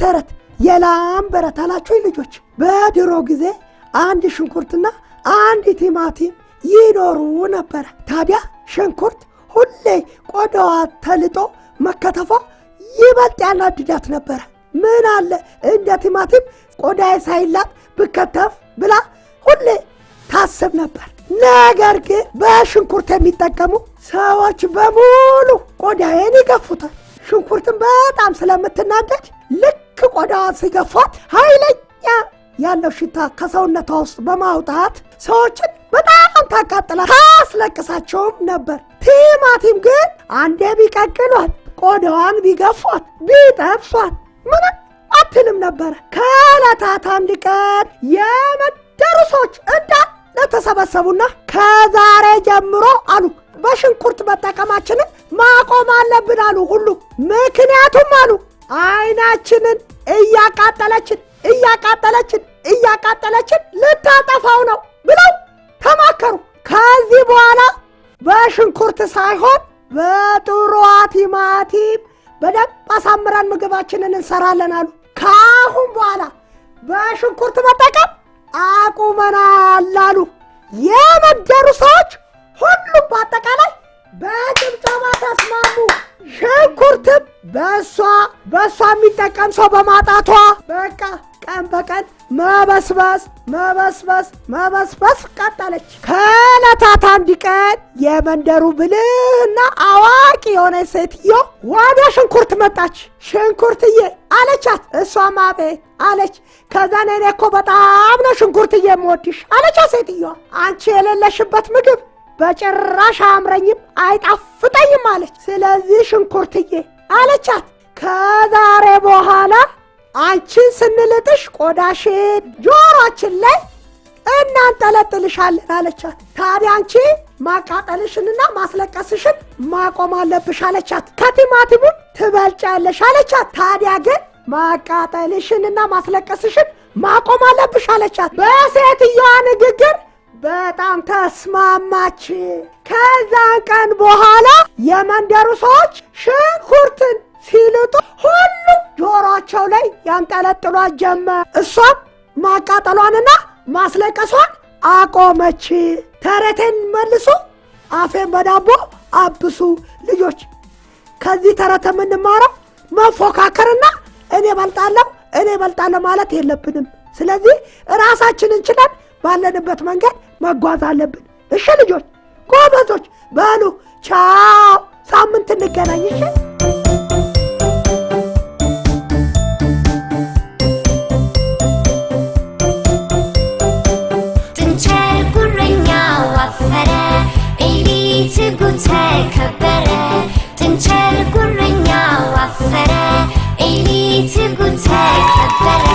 ተረት የላም በረት አላችሁኝ ልጆች። በድሮ ጊዜ አንድ ሽንኩርትና አንድ ቲማቲም ይኖሩ ነበረ። ታዲያ ሽንኩርት ሁሌ ቆዳዋ ተልጦ መከተፏ ይበልጥ ያናድዳት ነበረ። ምን አለ እንደ ቲማቲም ቆዳዬ ሳይላጥ ብከተፍ ብላ ሁሌ ታስብ ነበር። ነገር ግን በሽንኩርት የሚጠቀሙ ሰዎች በሙሉ ቆዳዬን ይገፉታል። ሽንኩርትን በጣም ስለምትናደድ ልክ ልክ ቆዳዋን ሲገፏት ኃይለኛ ያለው ሽታ ከሰውነቷ ውስጥ በማውጣት ሰዎችን በጣም ታቃጥላት ታስለቅሳቸውም ነበር። ቲማቲም ግን አንዴ ቢቀቅሏት፣ ቆዳዋን ቢገፏት፣ ቢጠብሷት ምንም አትልም ነበረ። ከዕለታት አንድ ቀን የመደሩ ሰዎች እንዳለ ተሰበሰቡና ከዛሬ ጀምሮ አሉ በሽንኩርት መጠቀማችንን ማቆም አለብን አሉ ሁሉ ምክንያቱም አሉ አይናችንን እያቃጠለችን እያቃጠለችን እያቃጠለችን ልታጠፋው ነው ብለው ተማከሩ። ከዚህ በኋላ በሽንኩርት ሳይሆን በጥሩ ቲማቲም በደንብ አሳምረን ምግባችንን እንሰራለን አሉ። ከአሁን በኋላ በሽንኩርት መጠቀም አቁመናል አሉ። የመደሩ ሰዎች በእሷ የሚጠቀም ሰው በማጣቷ በቃ ቀን በቀን መበስበስ መበስበስ መበስበስ ቀጠለች። ከዕለታት አንድ ቀን የመንደሩ ብልህና አዋቂ የሆነ ሴትዮ ወደ ሽንኩርት መጣች። ሽንኩርትዬ አለቻት። እሷም አቤት አለች። ከዛ እኔ እኮ በጣም ነው ሽንኩርትዬ የምወድሽ አለቻት ሴትዮዋ። አንቺ የሌለሽበት ምግብ በጭራሽ አያምረኝም አይጣፍጠኝም አለች። ስለዚህ ሽንኩርትዬ አለቻት ከዛሬ በኋላ አንቺን ስንልጥሽ ቆዳሽን ጆሮችን ላይ እናንጠለጥልሻለን አለቻት። ታዲያ አንቺ ማቃጠልሽንና ማስለቀስሽን ማቆም አለብሽ አለቻት። ከቲማቲሙም ትበልጫለሽ አለቻት። ታዲያ ግን ማቃጠልሽንና ማስለቀስሽን ማቆም አለብሽ አለቻት። በሴትዮዋ ንግግር በጣም ተስማማች። ከዛን ቀን በኋላ የመንደሩ ሰዎች ሽንኩርትን ሲልጡ ሁሉም ጆሯቸው ላይ ያንጠለጥሏት ጀመር። እሷም ማቃጠሏንና ማስለቀሷን አቆመች። ተረቴን መልሱ፣ አፌን በዳቦ አብሱ። ልጆች ከዚህ ተረት የምንማረው መፎካከርና እኔ በልጣለሁ እኔ በልጣለሁ ማለት የለብንም። ስለዚህ ራሳችንን ችለን ባለንበት መንገድ መጓዝ አለብን። እሺ ልጆች ጎበዞች በሉ ቻው፣ ሳምንት እንገናኝ። Power.